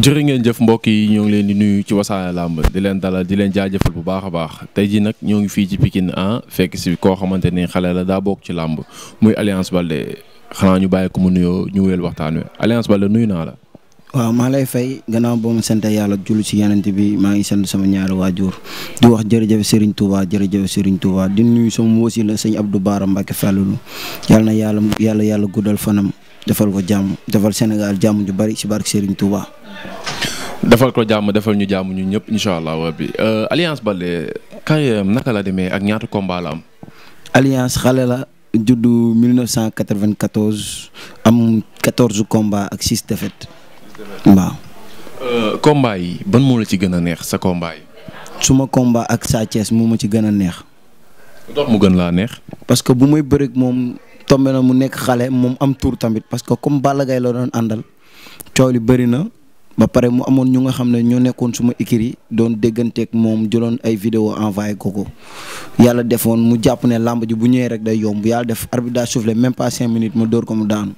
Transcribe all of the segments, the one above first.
jërë ngeen jëf mbokk yi ñoo ngi leen di nuyu ci wasaare làmb di leen dalal di leen jaajëfal bu baax a baax tey jii nag ñoo ngi fii ci Pikine ah fekk si koo xamante ni xale la daa bokk ci làmb muy Alliance Baldé xanaa ñu bàyyi ko mu nuyoo ñu wéel waxtaan wi Alliance Baldé nuyu naa la. waaw maa lay fay gannaaw boo ma sant yàlla jullu ci yeneen bi maa ngi sant sama ñaari waajur di wax jërëjëf Serigne Touba jërëjëf Serigne Touba di nuyu sama woosi la sëñ Abdou Bara Mbacke Fallou yàlla na yàlla yàlla yàlla guddal fanam defal ko jàmm defal Sénégal jàmm ju bari ci barke Serigne Touba defal ko jàmm defal ñu jàmm ñu ñëpp incha allahu rabbi euh, alliance Baldé carrière euh, naka la demee ak ñaata combat la am. alliance xale la juddu 1994 am 14 combats ak 6 défaites. waaw. Euh, combat yi ban moo la ci gën a neex sa combat yi. ma combat ak Sa Thiès moo ma ci gën a neex. dox mu gën laa neex. parce que bu may bëreeg moom tombe na mu nekk xale moom am tour tamit parce que comme Balla gay la doon àndal coow li bëri na. ba pare mu amoon ñu nga xam ne ñoo nekkoon suma écrit doon dégganteeg moom jëloon ay vidéo envoyé ko ko yàlla defoon mu jàpp ne làmb bu ñëwee rek day yomb yàlla def arbitre daa soufflé même pas cinq minutes mu dóor ko mu daanu.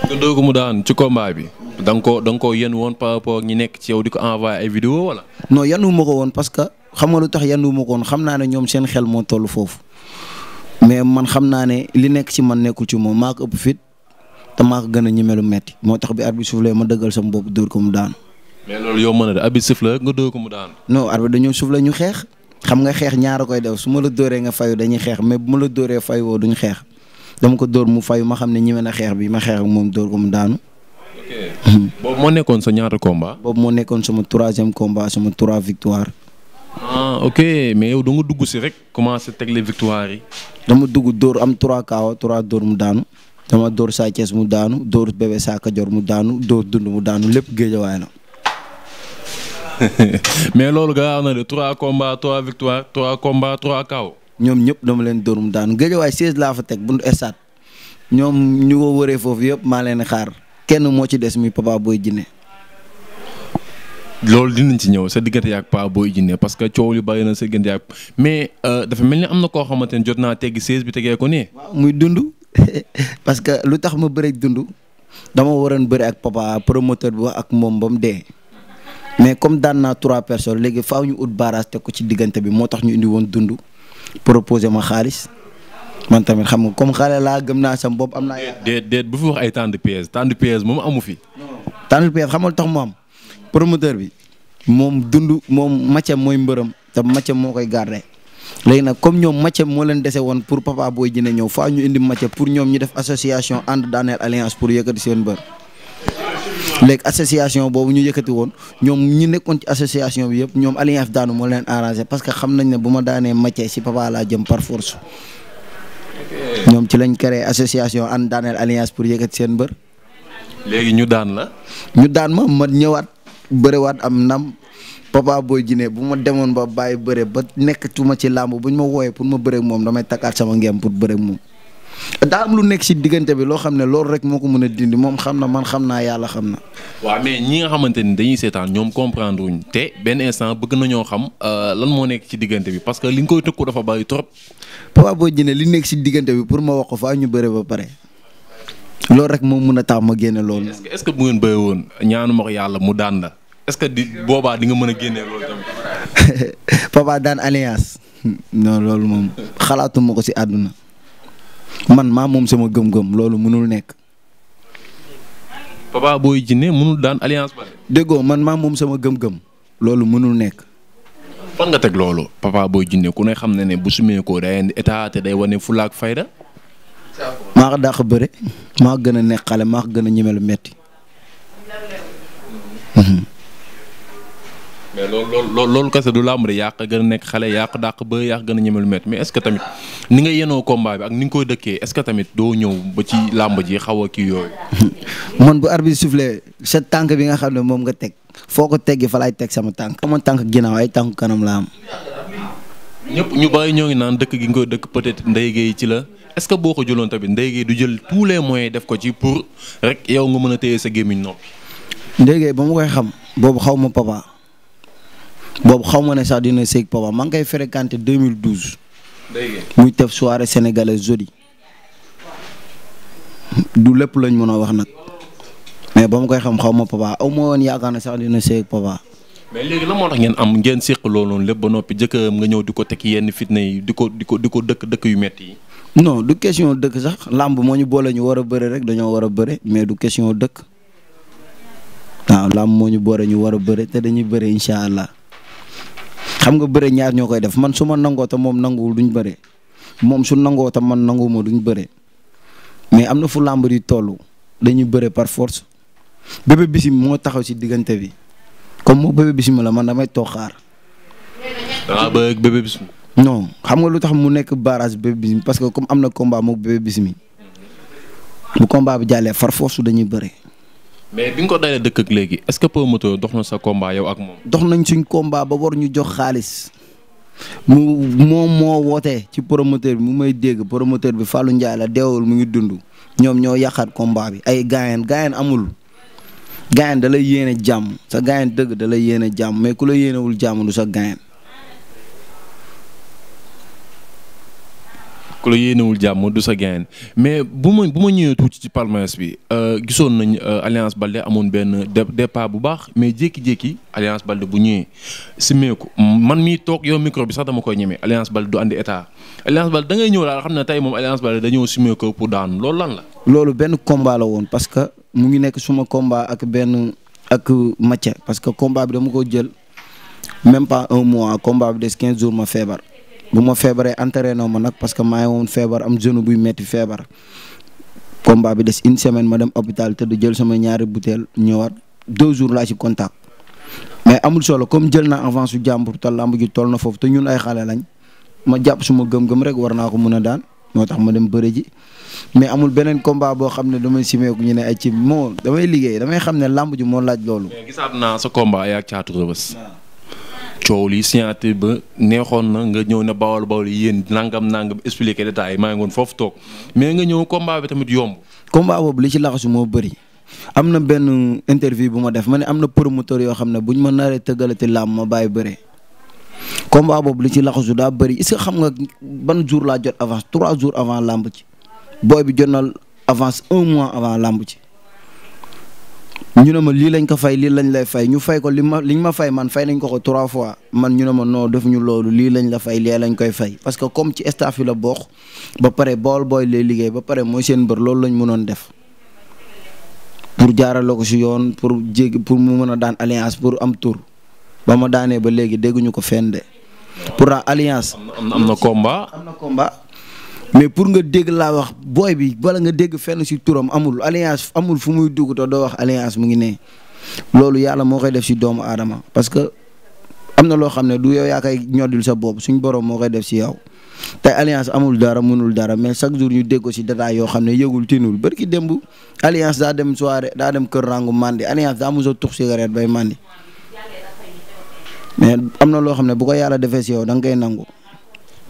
nga ko mu daanu ci combat bi. da nga koo da nga koo yéen woon nekk ci yow di ko envoyé ay vidéo wala. non yanu ko woon parce que xam nga lu tax yanu ma koon xam naa ne ñoom seen xel moo toll foofu mais man xam naa ne li nekk ci man nekkul ci moom maa ko ëpp fit te maa ko gën a ñeme metti moo tax bi arbitre soufflé ma dëggal sama bopp dóor ko mu daanu. mais loolu yow mën na de arbitre nga dóor ko mu daanu. non arbitre dañoo soufflé ñu xeex xam nga xeex ñaara koy def su ma la dóoree nga fay dañuy xeex mais bu ma la dóoree fayoo duñ xeex dama ko dóor mu fayu ma xam ne ñeme na xeex bi ma xeex ak dóor ko mu daanu. ok hmm. moo nekkoon sa ñaata combat. boobu moo nekkoon sama troisième combat sama trois victoire. ah ok mais yow da nga dugg si rek commencé tegle les yi. dama dugg dóor am trois kaw trois door mu daanu. dama dóor Sa Thiès mu daanu dóor Bébé Saka Dior mu daanu dóor dund mu daanu lépp géejawaay la. mais loolu gaaw na de 3 combats 3 victoires 3 combats 3 KO. ñoom ñëpp dama leen dóor mu daanu géejawaay 16 laa fa teg buntu estat ñoom ñu ko wëree foofu yëpp maa leen xaar kenn moo ci des mi Papa Boy Djiné. loolu dinañ ci ñëw sa diggante yaak Paa Boy Djiné parce que coow li bari na sa diggante yaak mais euh, dafa mel ni am na koo xamante ne jot naa teggi 16 bi tegee ko nii. waaw muy dund. parce que lu tax ma bëreeg dundu dama waroon bëri ak papa promoteur bi wax ak moom ba mu dee mais comme daan naa trois personnes léegi faaw ñu ut barrage teg ko ci diggante bi moo tax ñu indi woon dund proposé ma xaalis man tamit xam nga comme xale laa gëm naa sam bopp am naa. déet déet bu fi wax ay temps de piège temps de piège moom amu fi. temps de piège xam tax mu am promoteur bi moom dund moom Mathieu mooy mbërëm te Mathieu moo koy gardé. léegi nag comme ñoom Mathieu moo leen dese woon pour Papa Boy Djiné ñëw faa ñu indi Mathieu pour ñoom ñu def association ànd daaneel alliance pour yëkkati seen bër léegi association boobu ñu yëkkati woon ñoom ñi nekkoon ci association yëpp ñoom alliance daanu leen arrangé parce que xam nañ ne bu ma daanee Mathieu si Papa laa jëm par force ñoom ci lañ créé association ànd daaneel pour yëkkati seen bër. léegi ñu daan la. ñu daan ma ma ñëwaat bëriwaat am ndam Papa Boy Djiné bu ma demoon ba bàyyi bëre ba nekkatuma ci làmb bu ñu ma wooyee pour ma bëreeg moom damay takkaat sama ngem pour bëreeg moom. daa am lu nekk ci diggante bi loo xam ne loolu rek moo ko mën a dindi moom xam na man xam naa yàlla xam na. ñi nga xamante ni dañuy seetaan ñoom comprendre wuñ te benn instant bëgg nañoo xam euh, lan moo nekk ci diggante bi parce que li nga koy tëkku dafa bari trop. Papa Boy Djiné li nekk ci diggante bi pour ma wax ko faa ñu bëre ba pare. loolu rek moo mën a tax ma génne loolu. est-ce que bu ngeen bëre woon ñaanu ma ko yàlla mu daan la est-ce que di boobaa di nga mën a génnee loolu daan alliance. non xalaatuma ko si àdduna. man maa moom sama gëm loolu mënul nekk. Papa Boy Djiné mënul daan alliance déggoo man maa moom sama gëm-gëm loolu mënul nekk. fan nga teg loolu Papa Boy Djiné ku ne xam na ne bu sumee day indi état day wane fulla ak fayda. maa ko dàq maa gën a nekk xale maa gën a ñemelu metti. Mm-hmm. mais loolu loolu loolu kese du làmb yàq gën a nekk xale yàq dàq ba yàq gën a ñemelu mett mais est tamit ni nga yenoo combat bi ak ni nga koy dëkkee est ce que tamit doo ñëw ba ci làmb ji xaw a kii yooyu. man bu arbitre soufflé sa tànk bi nga xam ne moom nga teg foo ko teg fa laay teg sama tànk. amoon tànk ginnaaw ay tànk kanam laa am. ñëpp ñu bàyyi ñoo ngi naan dëkk gi nga koy dëkk peut-être Ndeye Gueye ci la est ce que boo ko jëloon tamit Ndeye Gueye du jël tous les moyens def ko ci pour rek yow nga mën a téye sa gémmiñ noppi. Ndeye ba mu koy xam boobu xaw ma ne sax dina sëy papa man ngi koy fréquenté 2012. dégg muy tef soirée sénégalais jeudi du lépp lañ mën a wax nag mais ba ma koy xam xaw ma papa aw ma woon yaakaar ne sax dina sëy papa. la moo tax ngeen am ngeen séq loolu lépp ba noppi jëkkëram nga ñëw di ko teg yenn fitna yi di ko di ko di ko dëkk dëkk yu metti yi. non du question dëkk sax làmb moo ñu boole ñu war a bëre rek dañoo war a bëre mais du question dëkk waaw làmb moo ñu boole ñu war a bëre te dañuy bëre incha allah. ma nga bëre ñaar ñoo koy def man su ma nangoo te moom nanguwul duñ bëre moom su nangoo te man nanguwuma duñ bëre mais am na fu làmb di toll dañu bëre par force Bébé Bismi moo taxaw si diggante bi comme moo Bébé Bismi la man damay toog xaar. dangaa bëgg xam nga lu tax mu nekk barrage Bébé Bismi parce que comme am na combat moog Bébé Bismi bu combat bi jàllee far force dañuy bëre. mais bi nga ko dalee dëkk ak léegi est-ce que promoteur dox na sa combat yow ak moom. dox nañ suñ combat ba war ñu jox xaalis mu moom moo wootee ci promoteur bi mu may dégg promoteur bi Fallou Ndiaye la deewul mu ngi dund ñoom ñoo yàqaat combat bi ay gaayen gaayen amul gaayen da lay yéene jàmm sa gaayen dëgg da lay yéene jàmm mais ku la yéenewul jàmm du sa gaayen ku la yéenewul jàmm du sa gain mais bu ma bu ma ñëwee tuuti ci palmarès bi euh, gisoon nañ euh, Alliance Baldé amoon benn départ bu baax mais jékki-jékki Alliance Baldé bu ñëwee simeeku man mii toog yow micro bi sax dama koy ñemee Alliance Baldé du andi état Alliance Baldé da ngay ñëw daal xam ne tey moom Alliance Baldé dañoo simeeku pour daanu loolu lan la. loolu benn combat la woon parce que mu ngi nekk suma komba ak benn ak Mathia parce que combat bi dama ko jël même pas un mois combat des quinze jours ma feebar. bu ma feebaree entraîné ma nag parce que maa woon feebar am genou buy metti feebar combat bi des une semaine ma dem hôpital te du jël sama ñaari butéel ñëwaat deux jours laa ci contact mais amul solo comme jël naa avance su jàmbur te làmb ji toll na foofu te ñun ay xale lañ ma jàpp suma gëm-gëm rek war naa ko mun a daan moo tax ma dem bëre ji mais amul beneen combat boo xam ne damay simeeku ñu ne ay ci moo damay liggéey damay xam ne làmb ji moo laaj loolu. coow li signature ba neexoon na nga ñëw ne bawal bawal yéen nangam nangam expliquer détail maa ngi woon foofu toog mais nga ñëw combat bi tamit yomb. combat boobu li ci laxasu moo bari am na benn interview bu ma def ma ne am na promoteur yoo xam ne buñ ma naree tëggalati làmb ma bàyyi bëre. combat boobu li ci laxasu daa bëri est xam nga ban jour laa jot avance trois jours avant làmb ci booy bi jot na avance un mois avant làmb ci. ñu ne ma lii lañ ko fay lii lañ lay fay ñu fay ko li ma liñ ma fay man fay nañ ko ko trois fois man ñu ne ma non def ñu loolu lii lañ la fay lii lañ koy fay parce que comme ci staff yi la bokk ba pare bool booy lay liggéey ba pare mooy seen mbër loolu lañ mënoon def pour jaarale ko si yoon pour jéggi pour mu mën a daan alliance pour am tur ba ma daanee ba léegi dégguñu ko fenn de. pour alliance. am na combat am na combat. mais pour nga dégg laa wax booy bi bala nga dégg fen si turam amul alliance amul fu muy dugg te doo wax alliance mu ngi ne loolu yàlla moo koy def si doomu aadama parce que am na loo xam ne du yow yaa koy ñoddil sa bopp suñ borom moo koy def si yow. tey alliance amul dara mënul dara mais chaque jour ñu dégg ko si détail yoo xam ne yëgul tinul barki démb alliance daa dem soirée daa dem kër rangu mandi alliance daa mos a tux cigarette bay mandi mais am na loo xam ne bu ko yàlla defee si yow da nga koy nangu.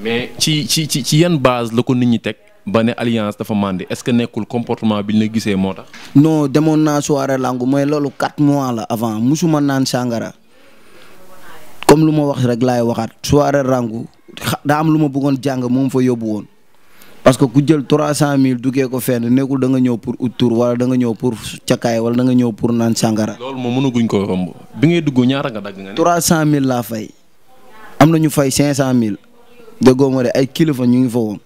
mais ci ci ci ci yan base la ko nit ñi teg ba ne alliance dafa màndi est-ce que nekkul comportement bi ñu la gisee moo tax. non demoon naa soirée langu mooy loolu quatre mois la avant musuma naan sàngara comme lu ma wax rek laay waxaat soirée rangu daa am lu ma buggoon jàng moom fa yóbbu woon parce que ku jël trois cent mille duggee ko fenn nekkul da nga ñëw pour autour wala da nga ñëw pour cakaay wala da nga ñëw pour naan sàngara. loolu moom mënaguñ ko romb bi ngay dugg ñaata nga dagg nga. trois cent mille laa fay am na ñu fay cinq cent mille déggoo ma de ay kilifa ñu ngi fa woon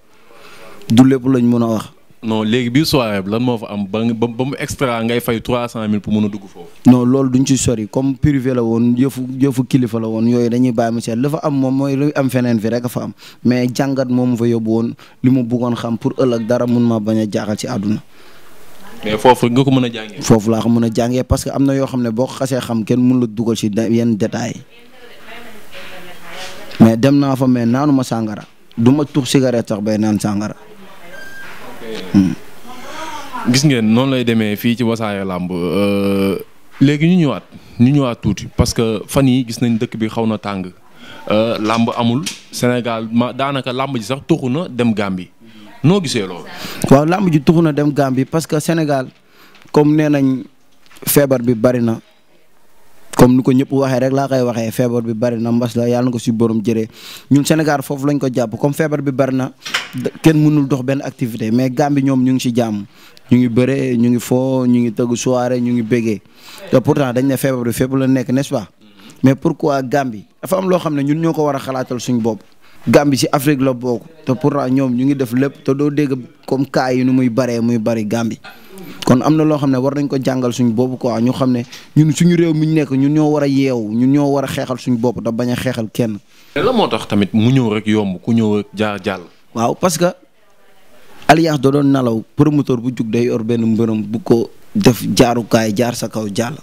du lépp lañ mën a wax. no léegi biir soirée bi lan moo fa am ba ba mu extra ngay fay trois cent mil pour mën a dugg foofu. non loolu duñ ci sori comme privé la woon yëfu yëfu kilifa la woon yooyu dañuy bàyyi mu la fa am moom mooy lu am feneen fi rek am mais jàngat moom fa yóbbu woon li mu bëggoon xam pour ëllëg dara mun ma bañ a jaaxal ci àdduna. mais foofu nga ko mën a jàngee. foofu laa ko mën a jàngee parce que am na yoo xam ne boo ko xasee xam kenn mun la dugal ci yenn détails mais dem naa fa mais naanu ma sàngara du ma tux cigarette sax bay naan sàngara. Hmm. gis ngeen noonu lay demee fii ci wasaare làmb euh, léegi ñu ñëwaat ñu ñëwaat tuuti parce que fan yi gis nañ dëkk bi xaw na tàng euh, làmb amul Sénégal daanaka làmb ji sax tuxu na dem Gambie noo gisee loolu. waaw làmb ji tuxu na dem Gambie parce que Sénégal comme nee nañ feebar bi bari na comme ni ko ñëpp waxee rek laa kay waxee feebar bi bari na mbas la yàlla na ko si borom jëree ñun Sénégal foofu lañ ko jàpp comme feebar bi bari na kenn mënul dox benn activité mais Gambie ñoom ñu ngi si jàmm ñu ngi bëree ñu ngi foo ñu ngi tëgg soirée ñu ngi bégee te pourtant dañ ne feebar bi fépp la nekk n'est-ce pas mais pourquoi Gambie dafa am loo xam ne ñun ñoo ko war a xalaatal suñu bopp. Gambie si Afrique la bokk te pourtant ñoom ñu ngi def lépp te doo dégg comme cas yi nu muy baree muy bari Gambie. kon am na loo xam ne war nañ ko jàngal suñu bopp quoi ñu xam ne ñun suñu réew mi ñu nekk ñun ñoo war a yeewu ñu ñoo war a xeexal suñu bopp da bañ a xeexal kenn. la moo tax tamit mu ñëw rek yomb ku ñëw rek jaar jàll. waaw parce que alliance da doon nalaw promoteur bu jug day yor benn mbërëm bu ko def jaarukaay jaar sa kaw jàll.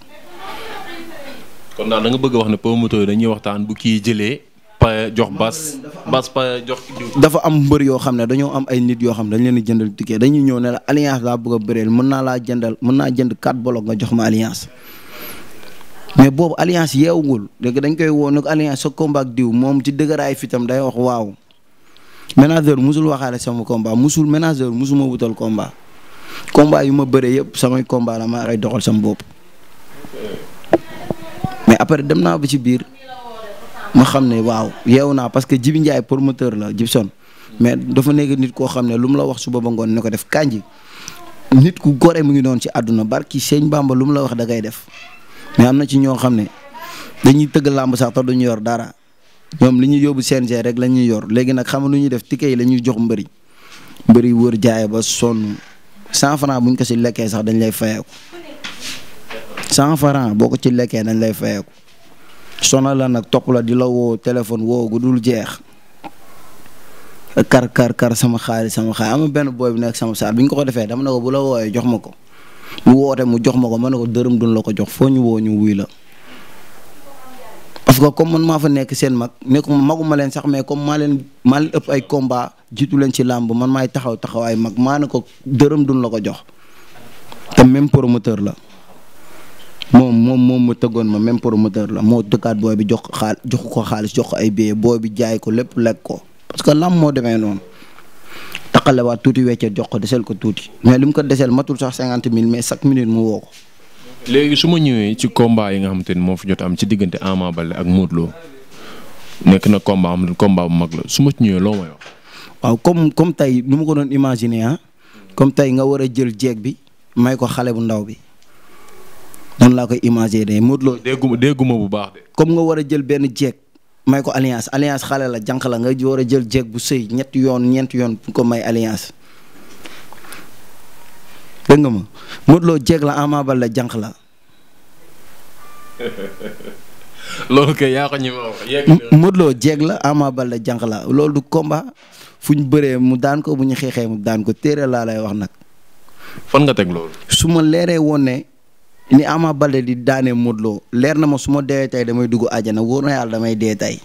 kon daal da nga bëgg wax ne promoteur dañuy waxtaan bu kii jëlee. pa jox bas bas pa jox dafa am mbër yoo xam ne dañoo am ay nit yoo xam ne dañ leen di jëndal ticket dañuy ñëw ne la alliance laa bëgg a bëreel mën naa laa jëndal mën naa jënd kaat bloc nga jox ma alliance mais boobu alliance yeewugul léegi dañ koy woo ne ko alliance sa combat diw moom ci dëgëraay fitam day wax waaw manager musul waxaale sama combat musul manager musuma wutal combat combat yu ma bëree yëpp samay combat la maa koy doxal sama bopp mais après dem naa ba ci biir ma xam ne waaw yeewu naa parce que Jibi Ndiaye promoteur la Jibson mais dafa nekk nit koo xam ne lu mu la wax suba ba ngoon ne ko def kanji nit ku gore mu ngi noonu ci àdduna barki sëñ Bamba lu mu la wax da def mais am na ci ñoo xam ne dañuy tëgg làmb sax te duñu yor dara ñoom li ñuy yóbbu CNG rek la ñuy yor léegi nag xam nu ñuy def ticket yi la ñuy jox mbëri mbëri wër jaay ba son sonn cent bu ñu ko si lekkee sax dañ lay fayeeku cent franc boo ko ci lekkee dañ lay fayeeku sonal la nag topp la di la woo téléphone woo gu dul jeex kar kar kar sama xaalis sama xaalis am benn booy bi nekk sama saar bi ñu ko ko defee dama na ko bu la wooyee jox ma ko mu woote mu jox ma ko ma ne ko dërëm duñ la ko jox foo ñu woo ñu wuy la. parce que comme man maa fa nekk seen mag nekkuma maguma leen sax mais comme maa leen maa ëpp ay combat jiitu leen ci làmb man maay taxaw taxaw mag maa ne ko dërëm duñ la ko jox te même promoteur la. moom moom moom mu tëggoon ma même promoteur la moo tëkkaat booy bi jox xaal jox ko xaalis jox ko ay billets booy bi jaay ko lépp lekk ko parce que lam moo demee noonu taqalewaat tuuti weccet jox ko deseel ko tuuti mais li mu ko desel matul sax cinquante mille mais chaque minute mu woo ko. léegi su ma ñëwee ci combat yi nga xamante ni moo fi jot am ci diggante Ama bale ak Modou Lo nekk na combat am na combat bu mag la su ma ci ñëwee loo may wax. waaw comme comme tey nu ma ko doon imaginer ah. comme tey nga war a jël jeeg bi may ko xale bu ndaw bi. noonu laa koy imaginer Modou Lo. dégguma dégguma bu baax comme nga war a jël benn jeeg may ko alliance alliance xale la jànq la nga war a jël jeeg bu sëy ñetti yoon ñeenti yoon pour ko may alliance. dégg nga ma la Ama Baldé la la. loolu kay yaa ko la Ama Baldé la jànq du combat fu ñu bëree mu daan ko bu ñu xeexee mu daan ko téere laa lay wax nag. fan nga teg loolu. suma ma leeree woon ni Ama Baldé di daane Modou leer na ma su ma dee tey damay dugg àjjana wóor na yàlla damay dee tey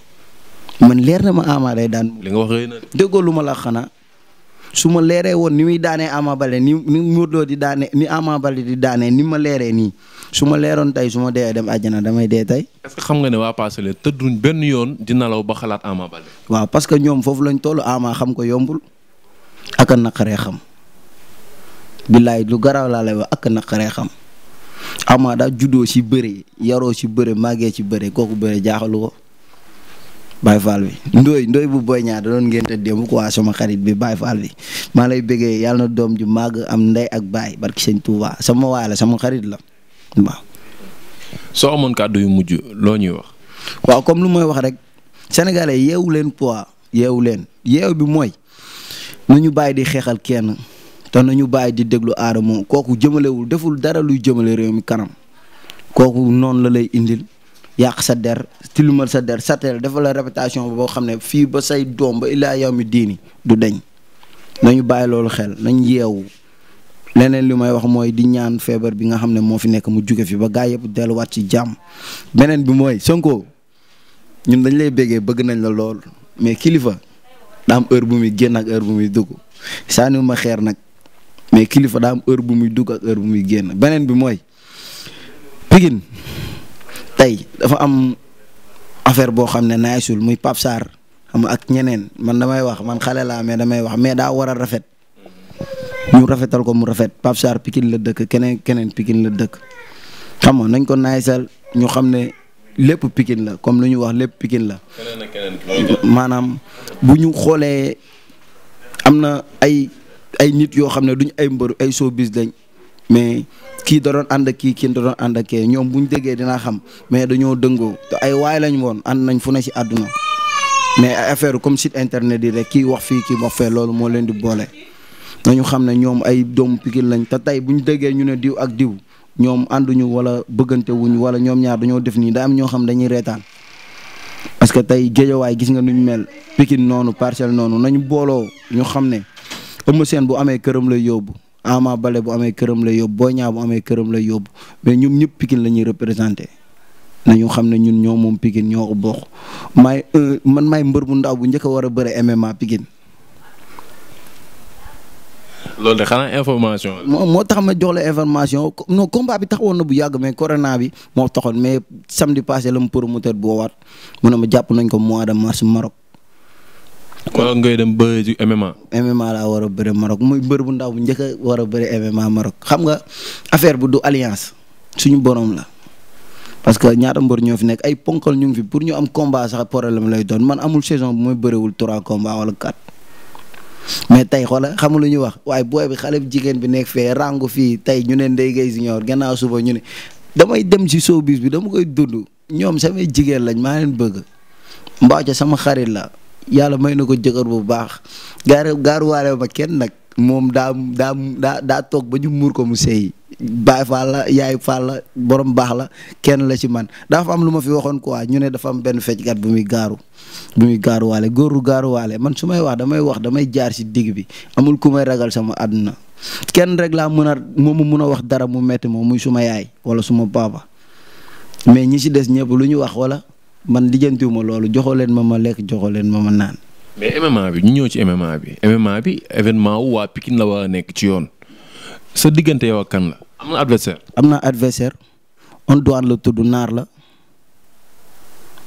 man leer na ma Ama day daan. li ma la xanaa su ma leeree woon ni muy daanee Ama Baldé ni ni di daane ni Ama di daanee ni ma leeree nii su ma leeroon tey su ma dee dem àjjana damay dee tey. est-ce que xam nga ne waa te tëdduñ benn yoon di nalaw ba xalaat Ama Baldé. waaw parce que ñoom foofu lañ toll Ama xam ko yombul ak a naqaree xam billaay lu garaaw laa lay wax ak a naqaree xam. Ama daa juddoo ci bëre yaroo ci bëre màggee ci bëre kooku bëre jaaxalu ko Baye Fall bi ndooy ndooy bu Boy Niang da doon ngénte démb quoi sama xarit bi Baye Fall bi maa lay bëggee yàlla na doom ju màgg am ndey ak baay barki sëñ Touba sama waay la sama xarit la waaw. soo amoon kàddu yu mujj loo ñuy wax. waaw comme lu mooy wax rek sénégalais yeewu leen poids yeewu leen yeew bi mooy nu ñu bàyyi di xeexal kenn. te nañu bàyyi di déglu aadama kooku jëmalewul deful dara luy jëmale réew mi kanam kooku noonu la lay indil yàq sa der ti tilimal sa der sateel defal la réputation boo xam ne fii ba say doom ba illaa yow mi diini du deñ nañu bàyyi loolu xel nañ yeewu leneen li may wax mooy di ñaan feebar bi nga xam ne moo fi nekk mu jóge fi ba gaa yëpp delluwaat ci jàmm beneen bi mooy Sonko ñun dañ lay béggee bëgg nañ la lool mais kilifa daa am bu muy génn ak heure bu muy dugg saa ma xeer nag mais kilifa daa am heure bu muy dugg ak heure bu muy génn beneen bi mooy pikin tey dafa am affaire boo xam ne naaysul muy Pape Sarr ak ñeneen man damay wax man xale laa mais damay wax mais daa war a rafet ñu rafetal ko mu rafet Pape Sarr la dëkk keneen keneen Pikine la dëkk xam nga nañ ko naayisal ñu xam ne lépp Pikine la comme lu ñu wax lépp Pikine la maanaam bu ñu xoolee am na ay ay nit yoo xam ne duñ ay mbër ay showbiz lañ mais kii da doon ànd kii kii da doon ànd ak ñoom bu ñu déggee dinaa xam mais dañoo dëngoo te ay waay lañ woon ànd nañ fu ne si àdduna mais affaire comme site internet yi rek kii wax fii kii wax fee loolu moo leen di boole. nañu xam ne ñoom ay doom Pikine lañ te bu ñu déggee ñu ne diw ak diw ñoom ànduñu wala bëggante wuñ wala ñoom ñaar dañoo def nii daa am ñoo xam ne dañuy reetaan parce que tey géejawaay gis nga nuñ mel Pikine noonu parcelle noonu nañu booloo ñu xam ne Eumeu Sène bu amee këram lay yóbbu Ama bale bu amee këram lay yóbbu boo ñaa bu amee këram lay yóbbu mais ñoom ñëpp Pikine la ñuy représenté nañu xam ne ñun ñoo moom Pikine ñoo ko maay euh, man maay mbër bu ndaw bu njëkk a war a bëre MMA Pikine. loolu de xanaa information moo moo tax ma jox la information non combat bi taxawoon na bu yàgg mais corona bi moo taxoon mais samedi passé la mu promoteur boowaat mu ne ma jàpp nañ ko mois de mars Maroc. wala ngay dem bëre MMA. MMA laa war a bëre Maroc muy bu ndaw bu njëkk a war a bëre MMA Maroc xam nga affaire bu du alliance suñu borom la. parce que ñaata mbër ñoo fi nekk ay ponkal ñu ngi fi pour ñu am combat sax problème lay doon man amul saison bu may bëriwul trois combat wala quatre mais tey xoola xamul lu ñuy wax waaye booy bi xale bu jigéen bi nekk fee rangu fii tey ñu ne Ndeye Gueye Junior gannaaw suba ñu ne damay dem si showbiz bi dama koy dund ñoom samay jigéen lañ maa leen bëgg mbaa ca sama xarit la yàlla may na ko jëkkër bu baax gaar gaaruwaale ma kenn nag moom daa daa daa daa toog ba ñu muur ko mu sey baay faal la yaay faal la borom baax la kenn la si man dafa am lu ma fi waxoon quoi ñu ne dafa am benn fecckat bu muy gaaru bu muy gaaruwaale góoru gaaruwaale man su may wax damay wax damay jaar si digg bi amul ku may ragal sama àdduna kenn rek laa mën a moom mu mën a wax dara mu metti moom muy suma yaay wala suma baaba mais ñi ci des ñëpp lu ñu wax wala. man lijjantiwuma loolu joxoo leen ma ma lekk joxoo leen ma ma naan. mais MMA bi ñu ñëw ci MMA bi MMA bi événement wu waa Pikine la war a nekk ci yoon sa diggante yow ak kan la am na adversaire. am na adversaire on la tudd naar la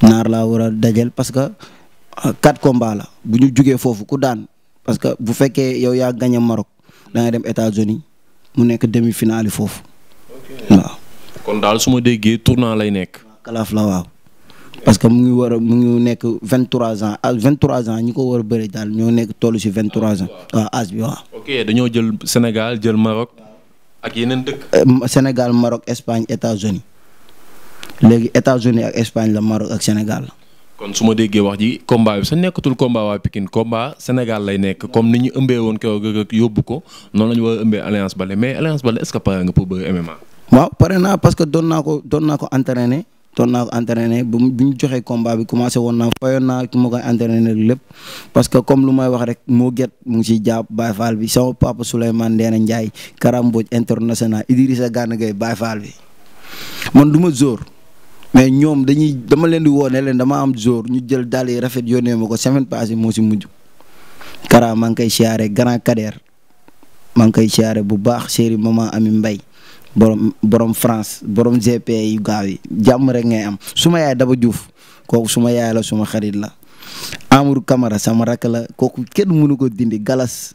naar laa war a dajal parce que euh, quatre combats la bu ñu jugee foofu ku daan parce que bu fekkee yow yaa gagné Maroc da dem États-Unis mu nekk demi-finale foofu waaw. kon daal su ma déggee tournant lay nekk. kalaaf parce que mu ngi war mu ngi nekk vingt trois ans ak ah, vingt ko war a bëri daal ñoo nekk toll si vingt trois ans ah, dañoo jël Sénégal jël Maroc. ak yeneen dëkk. Euh, Sénégal Maroc Espagne états léegi États-Unis ak Espagne la Maroc ak Sénégal. kon su ma déggee wax ji combat bi sa nekkatul combat waa Pikine combat Sénégal lay nekk comme ni ñu ëmbee woon ko noonu la ñu war a ëmbee Alliance Baldé mais Alliance Baldé est pare nga pour bëgg MMA. waaw pare naa parce que doon naa ko doon naa ko entraîner. ton naa ko entraîné bu bi ñu joxee combat bi commencé woon naa fayoon naa ki ma koy entraîné lépp parce que comme lu may wax rek moo get mu ngi siy jàpp Baye bi sama papa Souleymane Ndéné Ndiaye Karamboj international Idrissa Gana Gueye Baye Fall bi man du ma zóor mais ñoom dañuy dama leen di woo ne leen dama am zóor ñu jël dàll yi rafet yónnee ma ko semaine passée moo si mujj Kara maa ngi koy siyaare grand cadre maa ngi koy siyaare bu baax chéri maman Ami Mbaye borom borom France borom GP yu gaaw yi jàmm rek ngay am suma yaay Daba Diouf kooku suma yaay la suma xarit la Amadou Camara sama rakk la kooku kenn mënu ko dindi galas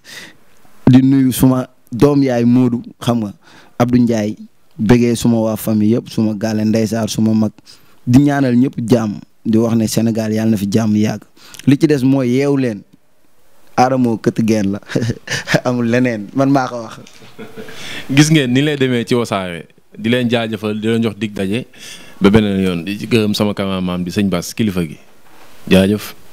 di nuyu suma doom yaay Moodu xam nga Abdou Ndiaye bëggee suma waa famille yëpp suma gaale ndeysaar suma mag di ñaanal ñëpp jàmm di wax ne Sénégal yàlla na fi jàmm yàgg li ci des mooy yeewu leen aaramoo këtt geen la amul leneen man maa ko wax. gis ngeen ni lay demee ci wasaare di leen jaajëfal di leen jox dig daje ba beneen yoon di ci sama sama cameraman bi sëñ Bass kilifa gi jaajëf.